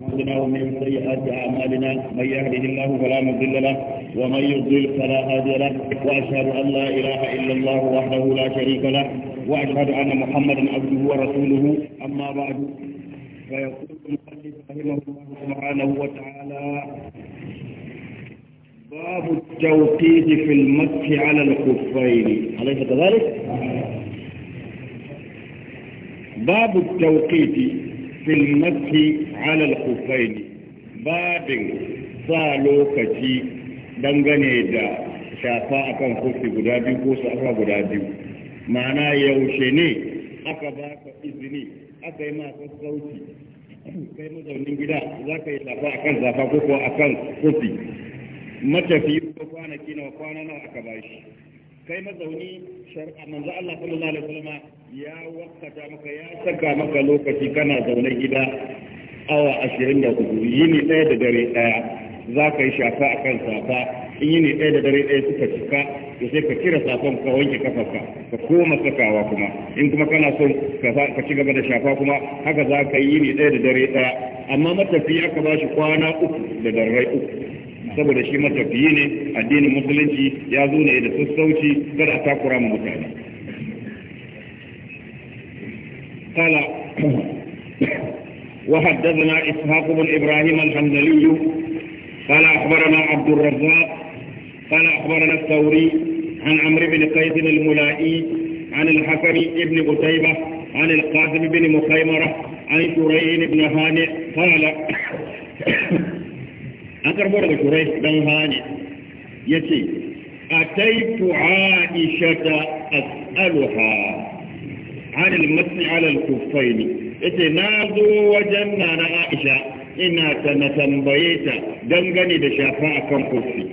أعمالنا ومن سيئات أعمالنا من يهده الله فلا مضل له ومن يضلل فلا هادي له وأشهد أن لا إله إلا الله وحده لا شريك له وأشهد أن محمدا عبده ورسوله أما بعد فيقول المؤلف رحمه الله سبحانه وتعالى باب التوقيت في المسح على الخفين أليس كذلك؟ نعم. باب التوقيت في المسح على الخفين sa lokaci dangane da shafa akan kofi guda biyu ko safa guda biyu ma'ana yaushe ne aka ba ka izini aka yi masa sauki kai mazaunin gida za ka yi zafa akan zafa ko akan kofi matafi ko kwanaki nawa kwana nawa aka ba shi kai mazauni shar'a manzo Allah sallallahu alaihi wasallam ya wakata maka ya saka maka lokaci kana zaune gida awa ashirin da hudu yi ni ɗaya da dare ɗaya za ka yi shafa a kan safa in yi ni ɗaya da dare ɗaya suka cika da sai ka cire safon ka wanke kafarka ka koma sakawa kuma in kuma kana son ka ci gaba da shafa kuma haka za ka yi ni ɗaya da dare ɗaya amma matafi aka ba shi kwana uku da darrai uku saboda shi matafiyi ne addinin musulunci ya zo ne da sassauci kada a takura mutane قال وحدثنا إسحاق بن إبراهيم الحنزلي قال أخبرنا عبد الرزاق قال أخبرنا الثوري عن عمرو بن قيس الملائي عن الحكم بن قتيبة عن القاسم بن مخيمرة عن شريح بن هانئ قال أقرب ورد شريح بن هانئ يتي أتيت عائشة أسألها an al-masni ala al yace na zo wajen nana Aisha ina ta na tambaye ta dangane da shafa kan kofi.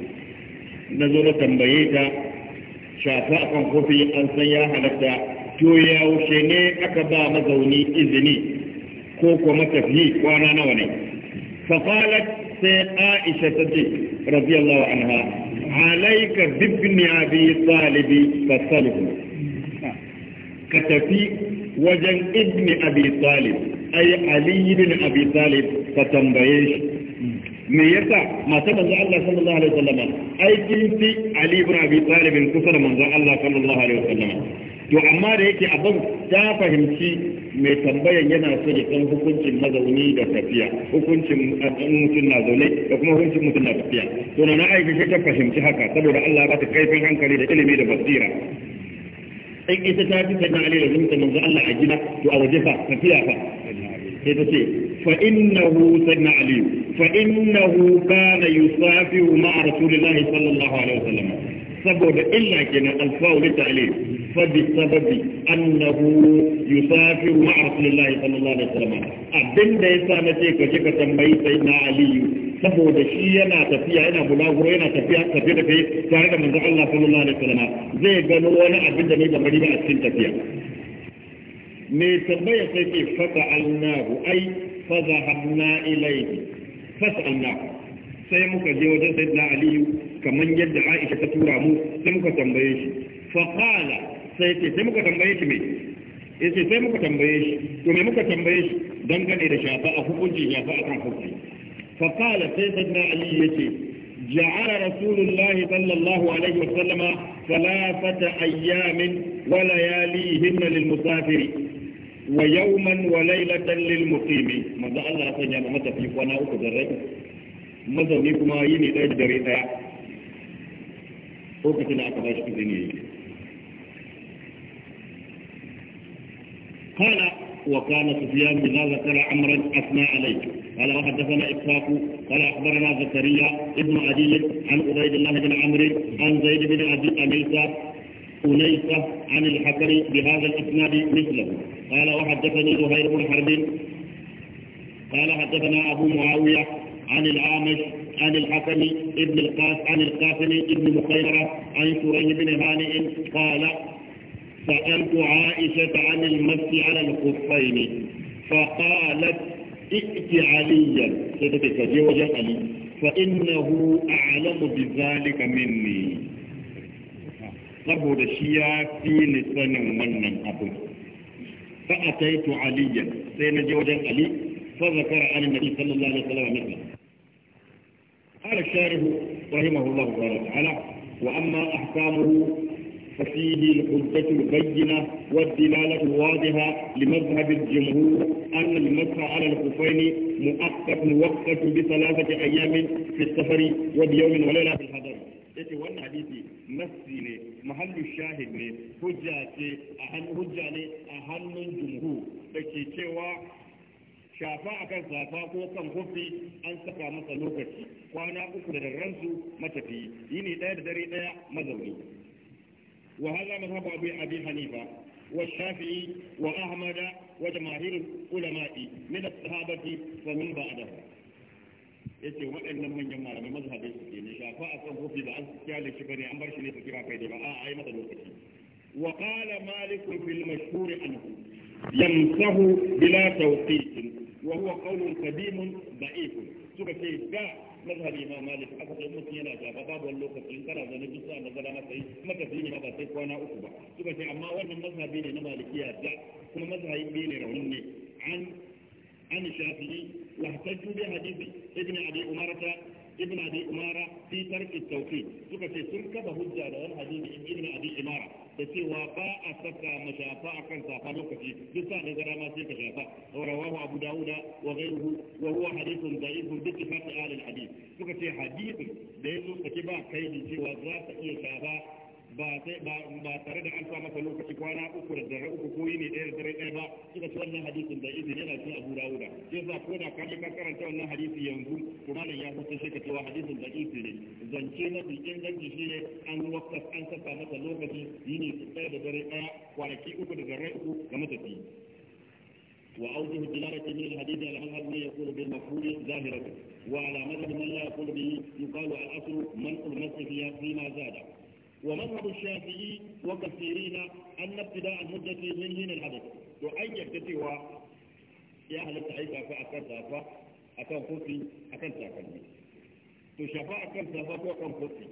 na zo na tambaye ta shafa kan kofi an san ya halatta to yaushe ne aka ba mazauni izini ko kuma tafi kwana nawa ne فقالت عائشة رضي الله عنها عليك بابن أبي طالب فصله ka tafi wajen ibni abi talib ay ali ibn abi talib ka tambaye shi me yasa mata manzo Allah sallallahu alaihi wasallam ai kin fi ali ibn abi talib kusa da manzo Allah sallallahu alaihi wasallam to amma da yake abin ta fahimci mai tambayan yana so ya san hukuncin mazauni da tafiya hukuncin mutum na zaune da kuma hukuncin mutum na tafiya to na aiki ta fahimci haka saboda Allah ba ta kaifin hankali da ilimi da basira in ita ta fi sai na da zunta manzo Allah a gida to a waje fa tafiya fa sai ta ce fa innahu sayyidina ali fa innahu kana yusafiru ma'a rasulillahi sallallahu alaihi wasallam saboda illa kenan alfawu li ta'lil fa bi sababi annahu yusafiru ma'a rasulillahi sallallahu alaihi wasallam abinda yasa nace ka je ka tambayi sayyidina ali saboda shi yana tafiya yana bulaguro yana tafiya tafiya da kai tare da manzon Allah sallallahu alaihi wasallam zai gano wani abin da ne ba bari ba a cikin tafiya me tambaya sai ke fata alnahu ai fa zahabna ilayhi fasalna sai muka je wajen sayyidina aliyu kamar yadda Aisha ta tura mu sai muka tambaye shi fa qala sai ce sai muka tambaye shi me yace sai muka tambaye shi to me muka tambaye shi dangane da shafa a hukunci shafa a kan hukunci fa qala sai sayyidina Ali yace ja'ala rasulullahi sallallahu alaihi wasallama thalathata ayyamin wa layalihin lil musafiri wa yawman wa laylatan lil muqimi manzo Allah ya sanya mu fi kwana uku da rai mazami kuma yini ɗaya da dare ɗaya lokacin da aka ba shi izini yayi قال وكان سفيان بن ذكر امرا اثنى عليه قال وحدثنا اسحاق قال اخبرنا زكريا ابن عدي عن عبيد الله بن عمرو عن زيد بن ابي انيسه انيسه عن الحكري بهذا الاسناد مثله قال وحدثني زهير بن حرب قال حدثنا ابو معاويه عن العامش عن الحسن بن القاس عن القاسم بن مخيرة عن سوري بن هانئ قال سألت عائشة عن المس على الخفين فقالت ائت عليا ستبك جوجة علي فإنه أعلم بذلك مني قبل الشياء في لسان من أبو فأتيت عليا سينا جوجة علي فذكر عن النبي صلى الله عليه وسلم مثلا قال الشارح رحمه الله تعالى وأما أحكامه ففيه الحجة البينة والدلالة الواضحة لمذهب الجمهور أن المسح على الخفين مؤقت مؤقت بثلاثة أيام في السفر وبيوم وليلة في الحضر. yace wannan hadisi nassi ne mahallu shahid ne hujja ce a hannun hujja ne a hannun jumhur da ke cewa shafa akan safa ko kan hufi an saka masa lokaci kwana uku da ransu yi ne ɗaya da dare ɗaya mazauni wa hada mazhabu abi abi hanifa wa shafi'i wa ahmada wa jamaahir ulama'i min as-sahabati wa min ba'dahu yace waɗannan manyan malamai mazhabin su ke ne shafa akan hufi ba an kyale shi bane an bar shi ne su kira kai da ba a ai masa lokaci wa qala malik fil mashhur anhu yamsahu bila tawqit wa huwa qawlun qadimun da'if suka ce da mazhabi ma malik aka ce mutum yana gaba babu wani lokaci in kana zaune bisa da gada maka yi maka ne ba kwana uku ba suka ce amma wannan mazhabi ne na malikiya da kuma mazhabi raunin ne an an shafi'i واحتجوا بحديث ابن ابي اماره ابن ابي اماره في ترك التوحيد سكت سلك بهجه لهم حديث ابن ابي اماره da cewa ba a saka mashafa a kan safa lokaci duk sa da gara ma sai ka shafa wa rawahu abu dawuda wa ghayruhu wa huwa hadithun da'ifun bi ittifaqi da al-hadith suka ce hadithin da yazo kace ba kai cewa za ka iya shafa ba tare da an sa masa lokaci kwana uku da dare uku ko yini ɗaya da dare ɗaya ba suka ci wannan hadisin da izini yana cikin Abu Dawud sai za ko da kaje ka karanta wannan hadisi yanzu kuma nan ya fito shi ka cewa hadisin da izini ne zance na bi inganci shi an wakka an saka masa lokaci yini ɗaya da dare ɗaya kwanaki uku da dare uku ga matafi وأوجه الدلالة من الحديث على مذهب من يقول بالمفعول ظاهرة وعلى مذهب من لا يقول به يقال الأصل منع المسح فيما زاد ومذهب الشافعي وكثيرين ان ابتداء المده من حين الحدث وأن يبتدئ يا أهل التعيفة فأكل سافة أكل كوفي أكل سافة تشافى أكل سافة وأكل كوفي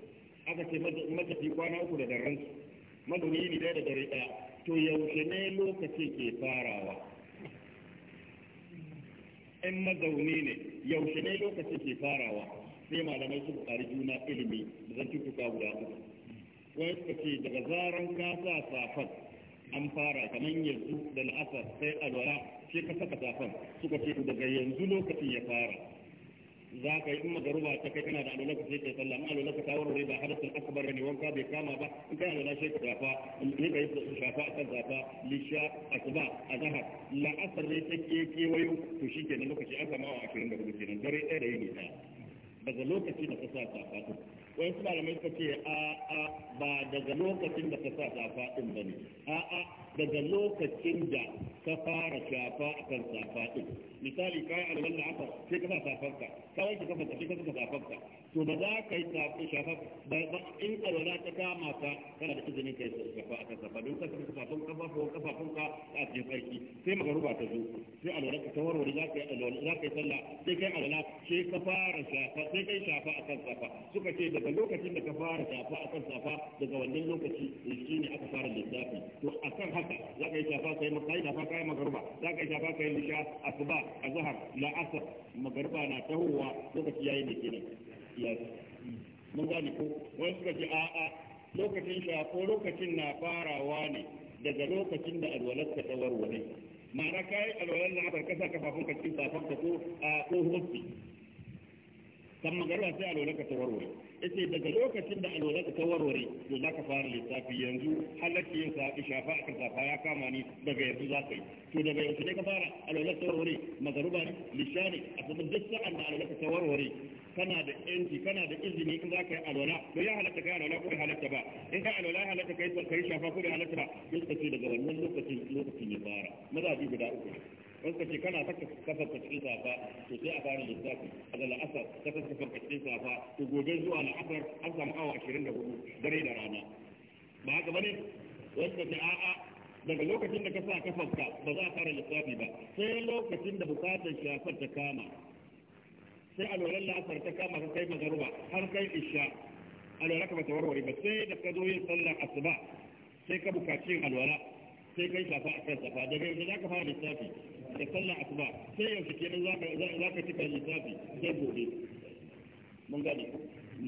اكن مدة في قوانا أكل درنس madoyi ne da dare ɗaya to yaushe ne lokaci ke farawa in mazauni ne yaushe ne lokaci ke farawa sai malamai su ƙari juna ilimi da zan tutuka guda uku wanda ke daga zaran ka sa safan an fara kamar yanzu da la'asar sai alwara sai ka saka safan suka ce daga yanzu lokacin ya fara za ka yi in garuba ta kai kana da alwala ka sai kai sallah amma alwala ka ta wuri ba hadasin akbar ne wanka bai kama ba in kai alwala sai ka zafa ne ka yi shafa a kan zafa lisha asuba zahar la'asar ne ta ke kewayo to nan lokaci an kama wa 24 kenan dare ɗaya da yin ita daga lokaci da ka sa safa wai su malamai suka ce a a ba daga lokacin da ka sa safa din bane a a daga lokacin da ka fara shafa akan safa din misali kai alwala aka sai ka sa safarka ka kafa ka sai ka safarka to ba za ka yi tafi shafa ba in alwala ta kama ka kana da ka yi shafa akan safa don ka saka kafafun kafafun kafafun ka a cikin farki sai magaruba ta zo sai alwala ta warware za ka yi alwala za ka yi sallah sai kai alwala sai ka fara shafa sai kai shafa akan safa suka ce daga lokacin da ka fara shafa akan safa daga wannan lokaci shine aka fara lissafi to akan haka za ka yi shafa kai makai da kai magaruba za ka yi shafa yi lisha asuba azhar la'asar magaruba na tahowa lokaci yayi da kenan siyasa mun gane ko wani suka ce a'a lokacin shafo lokacin na farawa ne daga lokacin da ka ta warware ma'ana kai alwalar na abar kasa kafafunka cikin ka ko a ko hofi kan magana sai ka ta warware yace daga lokacin da ka ta warware to za ka fara lissafi yanzu halatti yin sa shafa a kan safa ya kama ni daga yanzu za ka yi to daga yanzu ne ka fara alwalar ta warware magaruba ne lisha ne a sabbin duk sa'an da ka ta warware kana da yanci kana da izini in za ka yi alwala to ya halatta kai alwala ko ya halatta ba in ka alwala ya halatta kai kai shafa ko ya halatta ba lokaci daga wannan lokacin lokacin ya fara maza bi guda uku in ka ce kana saka kafar cikin safa to sai a fara lissafi a daga la'asar ka saka kafar ka cikin safa to gobe zuwa la'asar an samu awa ashirin da hudu dare da rana ba haka ne wanda ta a'a daga lokacin da ka sa kafar ba za a fara lissafi ba sai lokacin da bukatar shafar ta kama sai alwalar la'asar ta kama ka kai magaruba har kai isha a lura ka bata warware ba sai da ka zo yin sallar asuba sai ka bukaci yin alwala sai kai shafa a kan safa daga yanzu za ka fara lissafi da sallar asuba sai yanzu ke nan za ka cika lissafi sai gobe mun gane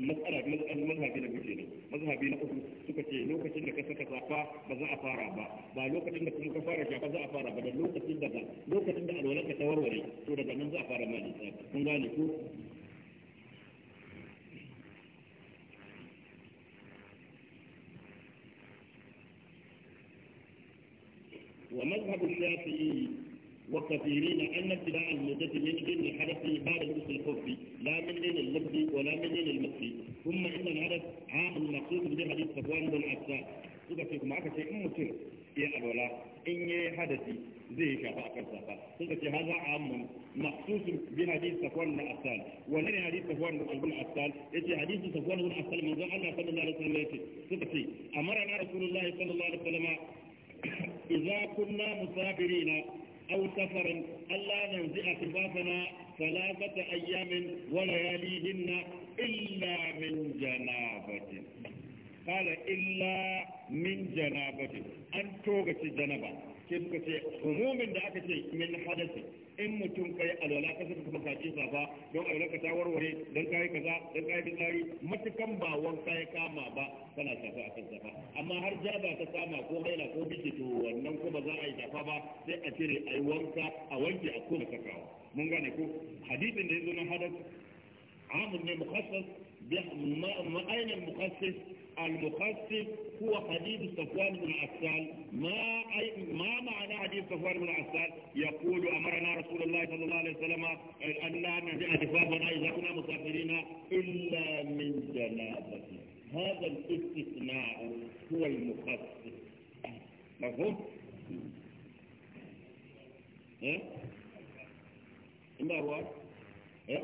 matsala mazhabi na guje ne mazhabi na uku suka ce lokacin da ka saka safa ba za a fara ba ba lokacin da ka fara shafa za a fara ba da lokacin da ba lokacin ne to daga nan za a fara mali tsafi kun gane ko wa mazhab shafi'i wa kathirina anna ibtida'a al-muddat min din al-hadath li ba'd al-usul al-khufi la min din al-mabdi wa la min din al-mabdi thumma inna al-hadath 'am al-maqsud bi hadith safwan bin al-aqsa kuka kuma aka ce in mutum ya abola in yayi hadathi zai shafa akan safa sun ce haza amman maqsusun bi hadith safwan bin asal wannan ne hadith safwan bin asal yace hadith safwan bin asal manzo Allah sallallahu alaihi wasallam yace suka ce na rasulullahi sallallahu alaihi wasallam idza kunna musafirina aw safaran alla nanzi'a tibafana ثلاثة أيام ولياليهن إلا من جنابة قال إلا من جنابة أن توغت جنبا sai suka ce hukumomin da aka ce min hadasi in mutum kai alwala ka saka kuma kace safa don alwala ka ta warware dan kai kaza dan kai fitsari matukan ba wanka ya kama ba kana safa akan safa amma har jaba ta kama ko haila ko biki to wannan ba za a yi safa ba sai a cire ai wanka a wanke a kuma sakawa mun gane ko hadisin da yazo na hadas amun ne mukhassas bi ma'ainin mukhassas المخفف هو حديث صفوان بن عسال ما أي ما معنى حديث صفوان بن عسال يقول أمرنا رسول الله صلى الله عليه وسلم أن لا نزع جفافنا إذا كنا مسافرين إلا من جنابة هذا الاستثناء هو المخفف مفهوم؟ إيه؟ إيه؟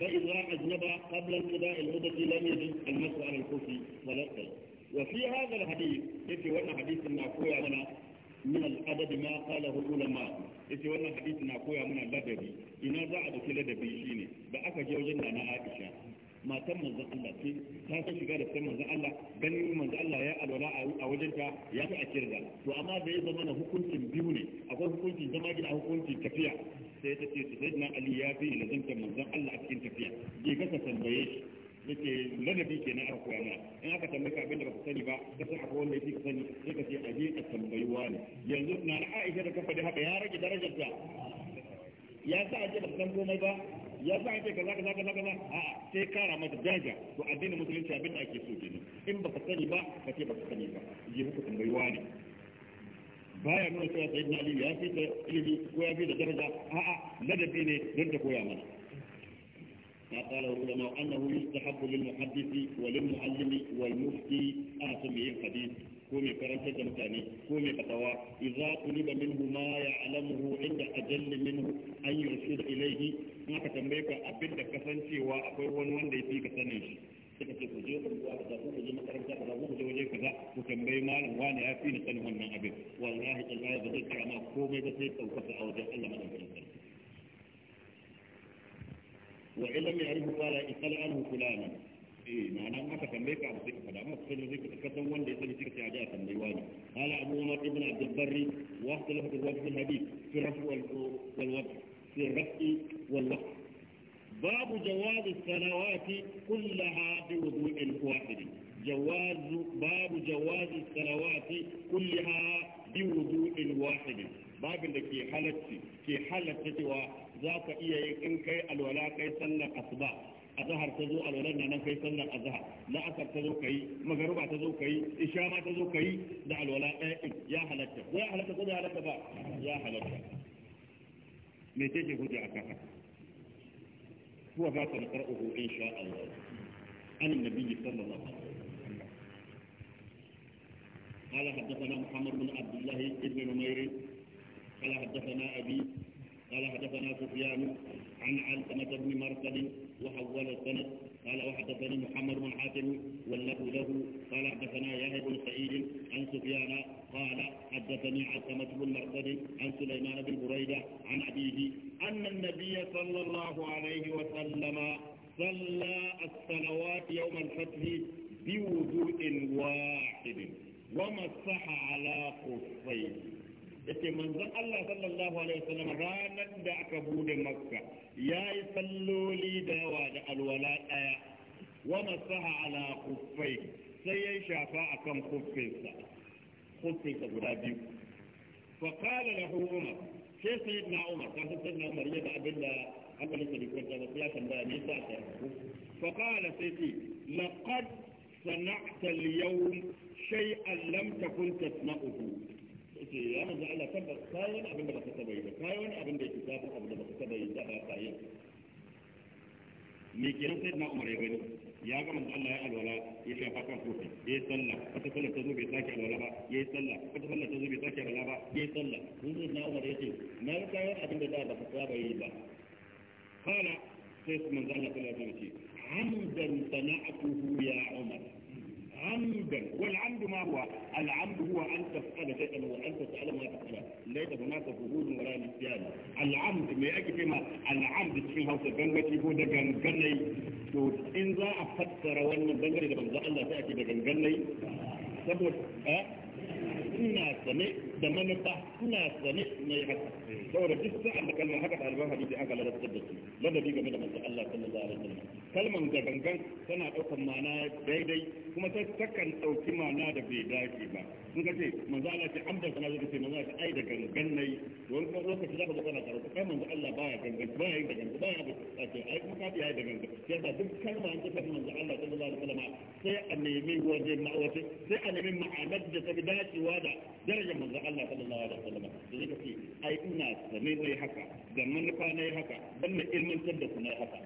فإذا أذنب قبل انقضاء المدة لم يجب المسح على الكفر ولا الطيب وفي هذا الحديث يأتي وانا حديث معقول لنا من الأدب ما قاله العلماء yace wannan hadisi na koya mana ladabi ina za a dauki ladabi shine da aka je wajen da na Aisha matan manzan Allah ce ta san shiga da san manzan Allah ganin manzon Allah ya alwala a wajenta ya fi a kirga to amma da ya zama na hukuncin biyu ne akwai hukuncin zama gida hukuncin tafiya sai ta ce na Ali ya fi da lazimta manzan Allah a cikin tafiya je ka ka tambaye shi yake ladabi kenan aka koya mana in aka tambaye ka abin da baka sani ba ka san akwai wanda yake sani sai ka ce a je a tambayi wani yanzu na Aisha da ka faɗi haka ya rage darajarta ya sa a ce ba san komai ba ya sa ake kaza kaza kaza kaza a sai kara mata daraja to addinin musulunci abin da ake so kenan in baka sani ba ka ce baka sani ba je ka tambayi ne baya nuna cewa sayyidina ali ya fi ta ilimi ko ya fi da daraja a'a ladabi ne don ta koya mana ما قال العلماء انه يستحب للمحدث وللمعلم والمفتي ان يسميه الحديث ko mai karantar da mutane ko mai fatawa idza tuliba minhu ma ya'lamuhu inda ajalli minhu an yursida ilayhi in aka tambaye ka abin da kasancewa akwai wani wanda ya fi ka sanin shi suka ce ku je unguwa kaza ku je makaranta kaza ku je waje kaza ku tambayi malam wani ya fi ni sanin wannan abin wallahi tallahi ba zai kara ma komai ba sai ɗaukaka a wajen Allah madaukakin sarki wa illam ya'rifu qala isal anhu fulana eh ma'ana aka tambaye ka ba sai ka fada amma sai zai ka kasan wanda ya sani sai ka ce a ji a tambayi wani qala abu umar ibn abd barri wa ikhtalafa fi wajh al-hadith sun raf'i wal waqf fi raf'i wal waqf باب جواز الصلوات كلها بوضوء واحد جواز باب جواز الصلوات كلها بوضوء واحد babin da ke halatti ke halatta cewa za ka iya yin in kai alwala kai sannan asuba azhar ta zo alwalar na nan kai sallar azhar la'asar ta zo kai magaruba ta zo kai isha ma ta zo kai da alwala ɗaya ya halatta ko ya halatta ko bai halatta ba ya halatta me take hujja akan haka huwa ba ta qara'uhu insha Allah an annabi sallallahu alaihi wasallam قال حدثنا محمد بن عبد الله بن نمير قال حدثنا أبي قال حدثنا سفيان عن علقمة بن مرقد وحول السند قال وحدثني محمد بن حاتم والنبي له قال حدثنا يحيى بن سعيد عن سفيان قال حدثني علقمة بن مرقد عن سليمان بن بريدة عن أبيه أن النبي صلى الله عليه وسلم صلى الصلوات يوم الفتح بوضوء واحد ومسح على خفيه yace manzon Allah sallallahu alaihi wasallam ranar da aka bude makka yayi salloli da yawa da alwala daya wa masaha ala kuffai sai ya shafa akan kuffinsa kuffinsa guda biyu fa qala lahu umar sai sayyidina umar sai sayyidina umar yadda abinda aka lissa da kwanta ba sai ya tambaya me yasa ka fa qala sayyidi laqad sana'ta al-yawm shay'an lam takun tasna'uhu suke ya manzo Allah kada kai wani abin da baka saba yi ba wani abin da yake tafi abin da baka saba yi da ba ka yi me kenan sai na umar ya gani ya ga manzo Allah ya alwala ya shafa kan kofi ya yi sallah wata sallah ta zo bai sake alwala ba ya yi sallah wata sallah ta zo bai sake alwala ba ya yi sallah mun zo na umar ya ce na ga kai abin da da baka saba yi ba kana sai manzo Allah ya ce hamdan sana'atuhu ya umar عمدا والعمد ما هو العمد هو أن تفعل شيئا وأن تسأل ما تفعل ليس هناك فهود ولا نسيان العمد ما يجي ما العمد في هوسة بنغتي هو ده جنجني to in za a fassara wannan bangare da manzo Allah sai ake da gangan nai saboda eh suna sane da manufa suna sane na yi haka saboda duk sa'an da kalmar haka ɗaliban hadisi aka ladabtar da su ladabi game da manzon Allah sallallahu alaihi wasallam kalmar da gangan tana ɗaukar ma'ana daidai kuma ta takan ɗauki ma'ana da bai dace ba sun ka ce manzon Allah ce amdan sana zai ce manzon Allah ai da gangan nayi wani kuma lokaci za ka zo kana karatu kai manzon Allah baya gangan baya yin da gangan baya abu a ce ai kuma kafi ai da gangan yadda duk kalma an tafi manzon Allah sallallahu alaihi wasallam sai a nemi waje ma'awace sai a nemi ma'anar da ta fi dacewa da da darajar manzan Allah sallallahu alaihi wasallam da zai ce ai ina sane ne haka da manufa ne haka dan na ilmantar da ne haka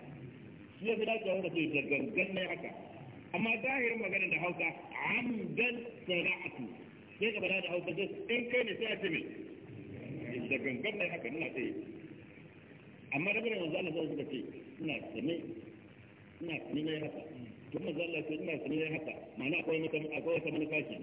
shi ya zira da da gangan ne haka amma dahirin magana da hauka amdan sai ka bada da in kai ne sai a ce me da gangan ne haka ina sai amma da bane manzan Allah sai ce kuma ne haka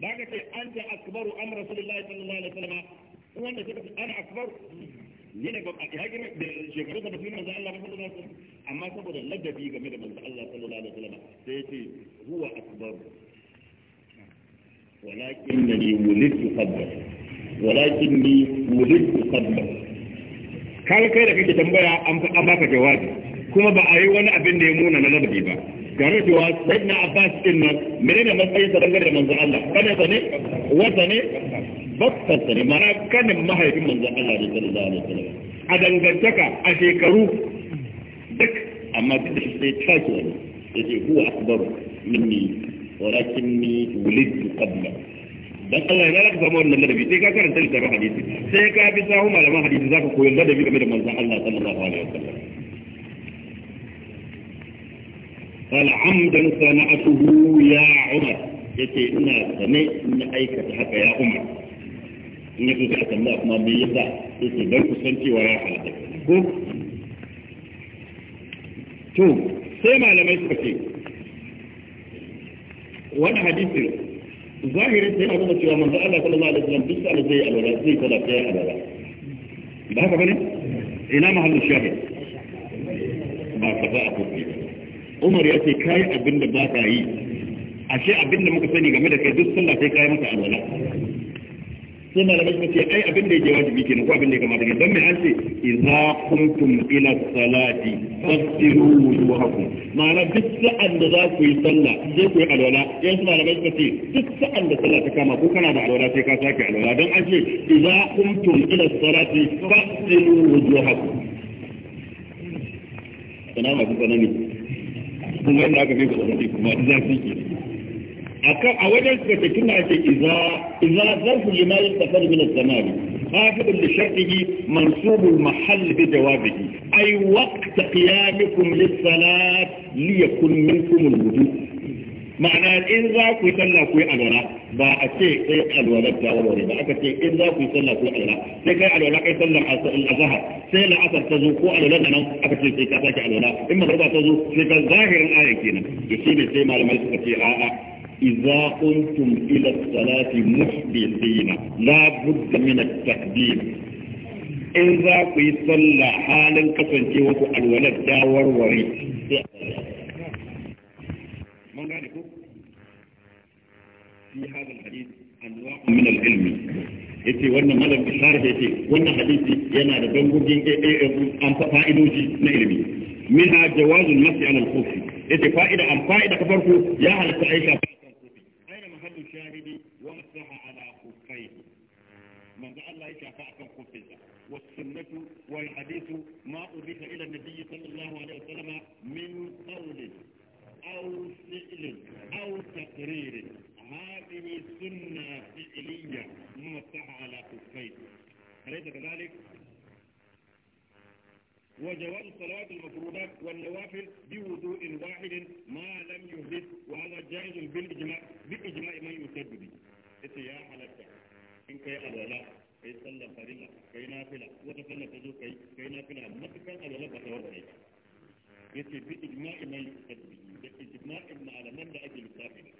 da ce an ta akbaru an sallallahu alaihi wasallam wanda suka ce an akbaru yana ba a haƙi da shekaru da basu manzo Allah ba sallallahu alaihi amma saboda ladabi game da manzo Allah sallallahu alaihi wasallam sai ce huwa akbaru ولكنني ولدت قبله walakin ولدت قبله kaga kai da kake tambaya an baka jawabi kuma ba a yi wani abin da ya muna na ladabi ba gare cewa sayyidina abbas din nan ne matsayin sa dangane da manzon Allah kada sa ne wata ne bakkar sa ne mana kanin mahaifin manzon Allah ne sallallahu alaihi wasallam a dangantaka a shekaru duk amma duk sai take wani yace huwa akbar minni walakinni wulidtu qabla dan Allah ya raka samu wannan ladabi sai ka karanta littafin hadisi sai ka bi sahu malaman hadisi zaka koyi ladabi game da manzon Allah sallallahu alaihi wasallam قال عمدا صنعته يا عمر yace ina sane na aikata ya umar in yaso sai aka Allah kuma me yasa yace dan kusan cewa ya halatta ko to sai malamai suka ce wani hadisi zahirin sai abu da cewa manzo Allah sallallahu alaihi wasallam duk sai zai alwala zai kada sai alwala ba haka ina umar ya ce kayi abin da ba ka yi ashe abin da muka sani game da kai duk sallah sai kayi masa alwala sai malamai suka ce ai abin da yake wajibi kenan ko abin da ya kamata kenan dan me an ce idza kuntum ila salati fasiru haku. ma'ana duk sa'an da za ku yi sallah sai ku yi alwala yan su malamai suka ce duk sa'an da sallah ta kama ko kana da alwala sai ka sake alwala dan an ce idza kuntum ila salati fasiru wujuhakum ina masu tsanani kun wanda aka kai da zafi kuma zafi ke akan a wajen da kina ce idza idza zarfu lima yantafar min al-zamani حافظ لشرطه منصوب المحل بجوابه أي وقت قيامكم للصلاة ليكن منكم الوجود ma'ana in za ku yi sallah ku yi alwala ba a ce sai alwala ta warware ba aka ce in za ku yi sallah ku yi alwala sai kai alwala kai sallah a sallar azhar sai la'asar ta zo ko alwala da nan aka ce sai ka sake alwala in magriba ta zo sai ka zahirin ayan kenan to shine sai malamai suka ce a'a إذا قمتم إلى الصلاة محدثين لا بد من التقديم إذا قيت صلى حالا كسنتي وسأل ولد داور وريد mun gane ko fi hadith anwa'u min al yace wannan malam yace wannan hadisi yana da dangogin an fa'idoji na ilimi minha jawazul masi ala al-khuf yace fa'ida an fa'ida ta farko ya halatta aisha aina mahallu shahidi wa masaha ala khufayhi manzo Allah ya shafa akan والسنة والحديث ما أضيف إلى النبي صلى الله عليه وسلم من قول أو فعل أو تقرير هذه سنة فعلية موسعة على خفين أليس كذلك؟ وجواز صلاة المفروضات والنوافل بوضوء واحد ما لم يحدث وهذا جائز بالإجماع بإجماع من يسد به. يا حلتا إن كي الولاء كي صلى فريضة كي نافلة وتفلت كي كي نافلة مطلقا الولاء بتورد yace bi ijma'i mai tasbihi da ijma'in malaman da ake lissafi da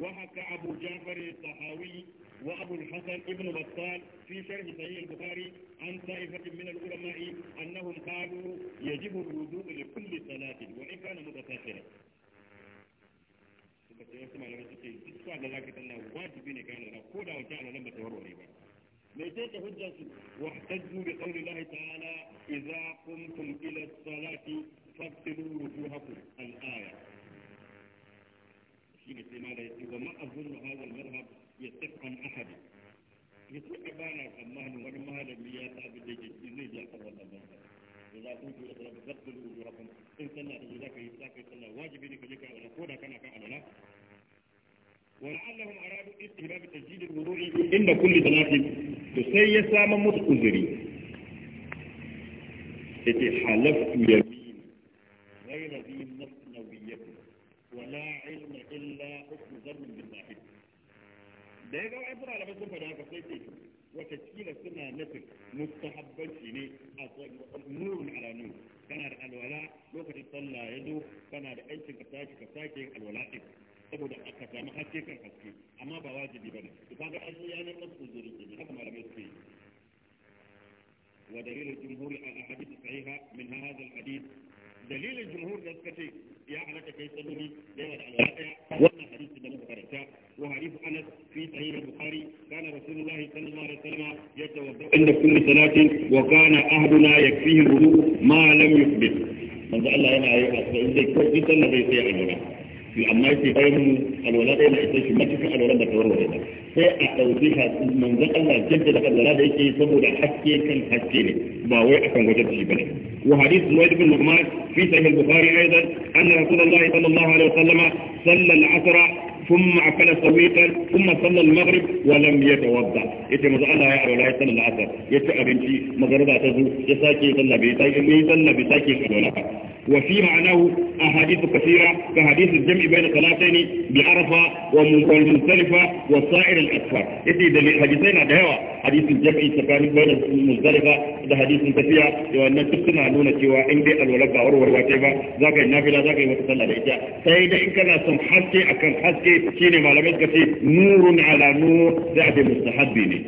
وحكى أبو جعفر الطحاوي وأبو الحسن ابن بطال في شرح صحيح البخاري عن طائفة من العلماء أنهم قالوا يجب الوضوء لكل صلاة وإن كان متساخرا. يسمع لما هجة واحتجوا بقول الله تعالى إذا قمتم إلى الصلاة فاغسلوا وجوهكم الآية شيء في ما لا وما أظن هذا المذهب يصح عن أحد يصح بانا كمان ولا ما هذا اللي يتعب اللي يجي والله إذا كنت تغسلوا وجوهكم إن صلى إذا كان يسافر صلى واجب إنك لك ولا كونا كان كان ولا ولعلهم أرادوا استهباب تجديد الوضوء عند كل صلاة تسيس لما متقذري yace halaftu ya zarmin bin zahid da ya ga wasu malamai sun faɗa haka sai ce watakila suna ne a nurun ala nur kana da alwala lokacin sallah ya zo kana da aikin ka sake ka sake yin alwala saboda aka samu haske kan haske amma ba wajibi bane to kaga an yi yanar masu zuri ne haka malamai suke ودليل الجمهور على من هذا الحديث دليل الجمهور ya halaka kai salloli da yawa da alaƙa wannan hadisi da muka karanta wa hadisi anas fi sahih al-bukhari kana rasulullah sallallahu alaihi wasallam yatawadda inda kulli salatin wa kana ahduna yakfihi al-wudu ma lam yuthbit manzo Allah yana yi asali sai ko duk bai sai a gaba amma sai bayan alwala da ita shi matakan alwala da وحديث a بن manzan في jadda البخاري ايضا ان رسول الله صلى الله عليه وسلم صلى العصر ثم اكل سويقا ثم صلى المغرب ولم يتوضا يتي مزا الله يا رسول الله صلى الله عليه وسلم يتي ابنتي مغربا تزو يساكي صلى بي تاكي مي صلى بي وفي معناه أحاديث كثيرة كحديث الجمع بين الصلاتين بعرفة والمختلفة وسائر الأسفار يتي دليل حديثين دهوا حديث الجمع سكاني بين المختلفة ده حديث كثيرة وأن تسنى نونة سوى إن دي الولد ورور واتبا ذاك النافلة ذاك يتصلى لإجا سيد إن كان سم حسكي أكن حسكي شيني ما لم يتكسي نور على نور ذات مستحبيني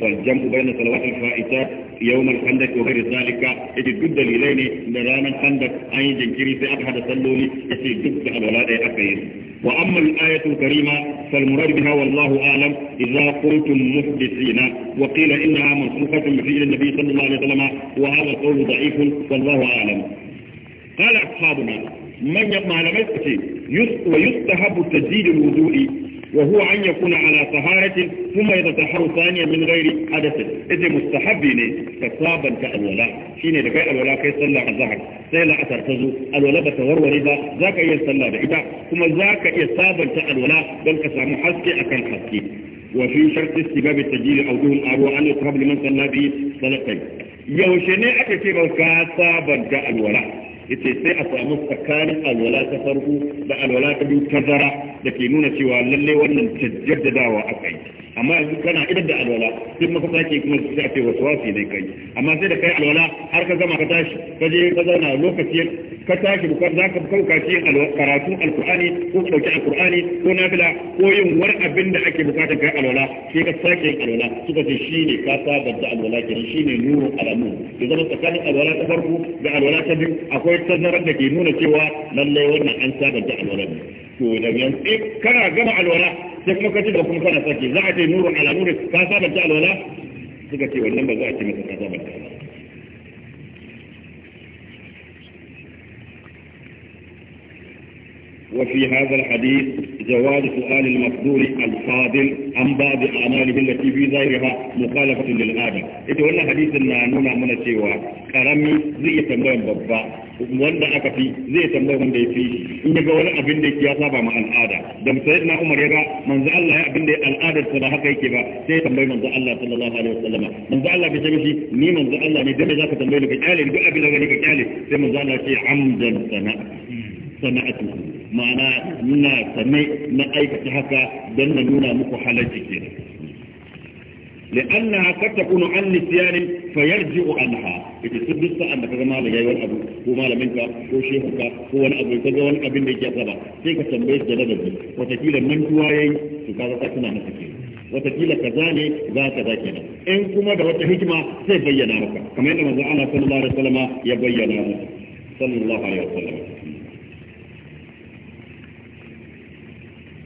والجمع بين صلوات الفائتات يوم الخندق وغير ذلك إذا دد دليلين دلان الخندق أي جنكري في أبحد صلوني يجي دد الولاء أخير وأما الآية الكريمة فالمراد بها والله أعلم إذا قلتم محدثين وقيل إنها مصروفة بفعل النبي صلى الله عليه وسلم وهذا قول ضعيف والله أعلم قال أصحابنا من يطمع لمسك ويستحب تجديد الوضوء وهو أن يكون على طهارة ثم يتطهر ثانيا من غير حدث إذا مستحب ني تصابا كالولاء شيني دكاي الولاء كي صلى الظهر سيلا أثر تزو الولاء بتورور إذا ذاك يصلى بإذا ثم ذاك يصابا كالولاء بل كسام حسكي أكن حسكي وفي شرط استباب التجيل أو دون أبو أن يصحب لمن صلى به صلتين يوشني أكتب كاسابا كالولاء yace sai a samu tsakanin alwala ta farko da alwala ta biyu tazara da ke nuna cewa lalle wannan tajaddadawa aka yi amma yanzu kana idan da alwala duk maka sake kuma su ce wasu wasu ne kai amma sai da kai alwala har ka zama ka tashi ka je ka zauna lokaci ka tashi ka za ka kauka karatu alkur'ani ko dauki alkur'ani ko nafila ko yin wani abin da ake bukatar kai alwala sai ka sake yin alwala suka ce ne ka saba da alwala ke ne nuru alamu ya zama tsakanin alwala ta farko da alwala ta biyu akwai tazarar da ke nuna cewa lallai wannan an saba da alwala ne to da yanzu kana gama alwala sai kuma da kuma kana sake za a ce ala ka saba ta alwala suka ce wannan ba za a ce ka saba وفي هذا الحديث جواز سؤال المقدور الفاضل عن بعض اعماله التي في ظاهرها مخالفه للعاده. اذا قلنا حديث ان نونا من سوى كرمي زي تمام بابا wanda aka fi zai tambaye wanda ya fi in ga wani abin da ya saba ma al'ada da musayyid na umar ya ga manzo Allah ya abin da al'ada ta da haka yake ba sai tambayi manzo Allah sallallahu alaihi wasallama manzo Allah bai tabi ni manzo Allah ne da zaka tambaye ni ka kyale duk abin da wani ka kyale sai manzo Allah ce amdan sana'a sana'atu ma'ana ina sanai na aikata haka dan na nuna muku halacci kenan لأنها قد تكون عن نسيان فيرجع عنها إذا لسا أنك ما لك أيها الأبو وما لمنك هو شيخك هو الأبو يتبع والأبو اللي جاسبا كيف تنبيس جلد الدين وتكيل من كوايين سكاوة تسمع نسكين وتكيل كذاني ذات ذاكنا إن كما دوت هجمة سيبينا ركا كما يتبع الله صلى الله عليه وسلم يبينا ركا صلى الله عليه وسلم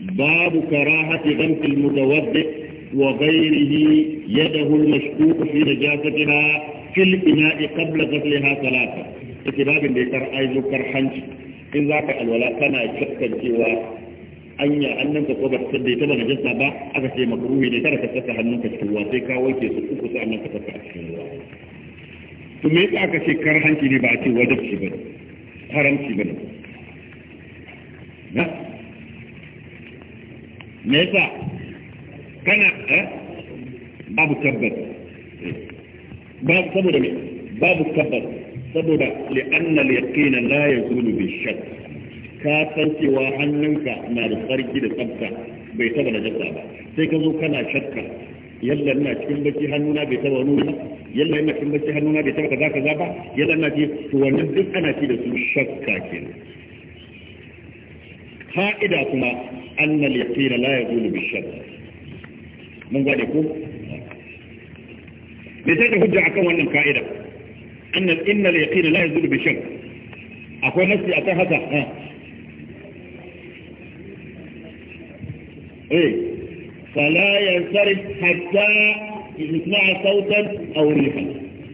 باب كراهة غمس المتوضئ وغيره يده المشكوك في نجاستها في الإناء قبل غسلها ثلاثة اتباب بكر أي ذكر حنج إن ذاك الولاء كان يتشكل سوى anya annan ka kobar sadda ita ba najasa ba aka ce makruhi ne kada ka saka hannunka cikin ruwa sai ka su uku sai annan saka a cikin ruwa me yasa aka ce kar hanci ne ba a ce wajibi ba haramci ba ne me yasa kana eh? babu tabbas babu saboda me babu tabbas saboda li'anna al-yaqina la yazulu bi shakk ka san cewa hannunka na da tsarki da tsabta bai taba da jasa ba sai ka zo kana shakka yalla ina cikin bacci hannuna bai taba wani ba yalla ina cikin bacci hannuna bai taba kaza kaza ba yalla ina ce to wannan duk ana ci da su shakka kenan ka'ida kuma annal yaqina la yazulu bi shakk من ذلكم لذلك هجع كم أن القائدة أن الإن اليقين لا يزول بشك أقول نسي أتهت إيه فلا ينصرف حتى يسمع صوتا أو ريحا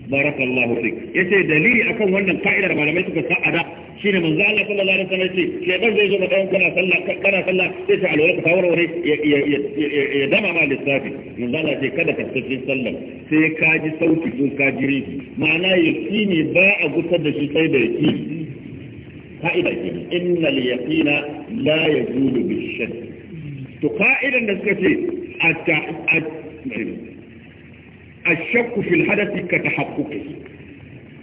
بارك الله فيك يسي دليل أكون وانا ربما لم يتكسى أدأ shine manzo Allah sallallahu alaihi wasallam ce shedan zai zo maka kana sallah kana sallah sai ta alwala ka warware ya dama ma lissafi manzo Allah ce kada ka tsaye sallar sai ka ji sauki ko ka ji rifi ma'ana yaqini ba a gusar da shi sai da yaqini ka'ida ce innal yaqina la yazulu bishadd to ka'idan da suka ce a الشك في الحدث كتحققه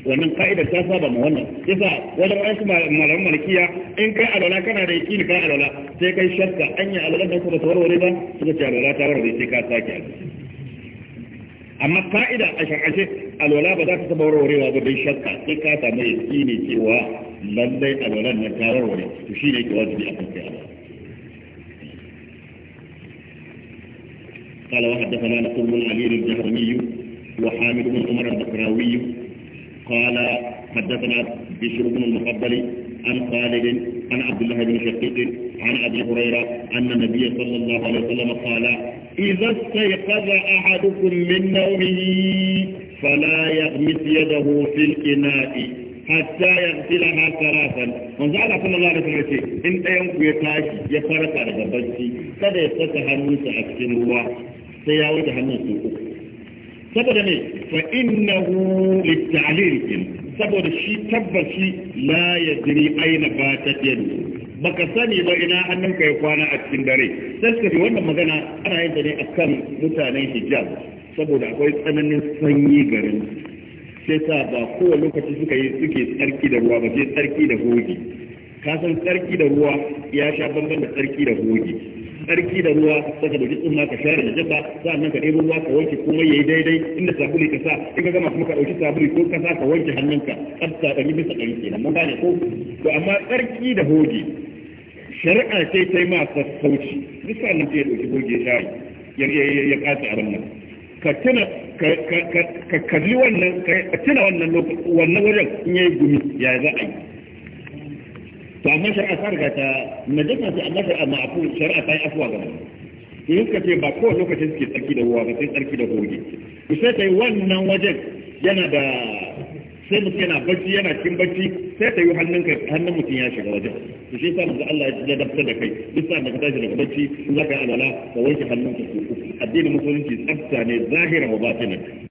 wannan ka'idar ta saba ma wannan yasa wajen wasu malaman malikiya in kai alwala kana da yakini kai alwala sai kai shakka an yi alwala da kuma warware ba suka ce alwala ta warware sai ka sake amma ka'ida a shakashe alwala ba za ta saba warwarewa ba dai shakka sai ka samu yakini cewa lallai alwalan na ta warware to shine yake wajibi a kai alwala قال وحدثنا نقوم العليل الجهرمي وحامد بن عمر البكراوي قال حدثنا بشر بن المقبل عن خالد عن عبد الله بن شقيق عن ابي هريره ان النبي صلى الله عليه وسلم قال اذا استيقظ احدكم من نومه فلا يغمس يده في الاناء ya fila ha sarafan manzo Allah sallallahu alaihi wasallam ce in ɗayan ya tashi ya farka daga barci kada ya a cikin ruwa saboda ne fa innahu litta'lil saboda shi tabbaci la yadri aina batat yadu baka sani ba ina hannunka ya kwana a cikin dare sai suka wannan magana ana yin ta ne akan mutanen hijab saboda akwai tsananin sanyi garin sai sa ba kowa lokaci suka yi suke tsarki da ruwa ba sai tsarki da hoji ka san tsarki da ruwa ya sha bambam da tsarki da hoji tsarki da ruwa saka da jitsin ka share da jabba sa'annan ka ɗebo ruwa ka wanke komai yayi daidai inda sabuli ka sa in ka gama kuma ka ɗauki sabuli ko ka sa ka wanke hannunka tsafta ɗari bisa ɗari kenan mun gane ko to amma tsarki da hoge shari'a ce ta yi ma sassauci duk sa'annan sai ya ɗauki hoge shayi ya ƙace a ranar ka tuna ka kalli wannan ka tuna wannan lokacin wannan wajen in yayi gumi ya za a yi to ma shari'a ta riga ta najasa sai Allah ta a afu shari'a ta yi afuwa ga mutum to yin ce ba kowane lokacin suke tsarki da ruwa ba sai tsarki da goge to sai ta yi wannan wajen yana da sai mutum yana bacci yana cikin bacci sai ta yi hannun hannun mutum ya shiga wajen to shi yasa manzo Allah ya dabta da kai duk sa daga tashi daga bacci in zaka yi alwala ka wanke hannunka ko addinin musulunci tsafta ne zahira wa ne.